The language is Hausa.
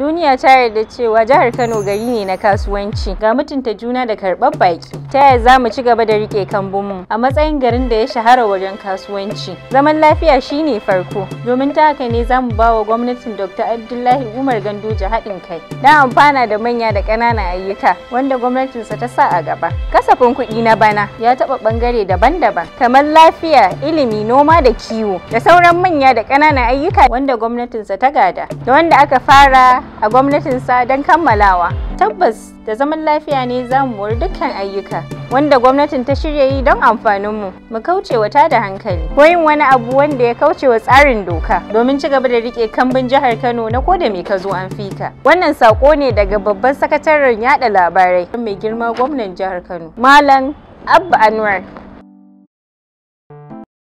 Duniya ta yarda cewa jihar Kano gari ne na kasuwanci ga mutunta juna da karɓar baki. Ta yaya za mu ci gaba da riƙe kambunmu a matsayin garin da ya shahara wajen kasuwanci. Zaman lafiya shine farko domin ta haka ne za mu ba wa gwamnatin Dr. Abdullahi Umar Gandoja haɗin kai. Na amfana da manya da ƙananan ayyuka wanda gwamnatinsa ta sa a gaba. Kasafin kuɗi na bana ya taɓa ɓangare daban-daban kamar lafiya, ilimi, noma da kiwo da sauran manya da ƙananan ayyuka wanda gwamnatinsa ta gada da wanda aka fara a gwamnatin sa don kammalawa. Tabbas da zaman lafiya ne za mu wari dukkan ayyuka wanda gwamnatin ta shirya yi don amfaninmu mu kauce wa tada hankali ko yin wani abu wanda ya kauce wa tsarin doka domin ci gaba da rike kambin jihar Kano na koda mai ka zo an fika. Wannan sako ne daga babban sakataren yada labarai mai girma gwamnan jihar Kano Malam Abba Anwar.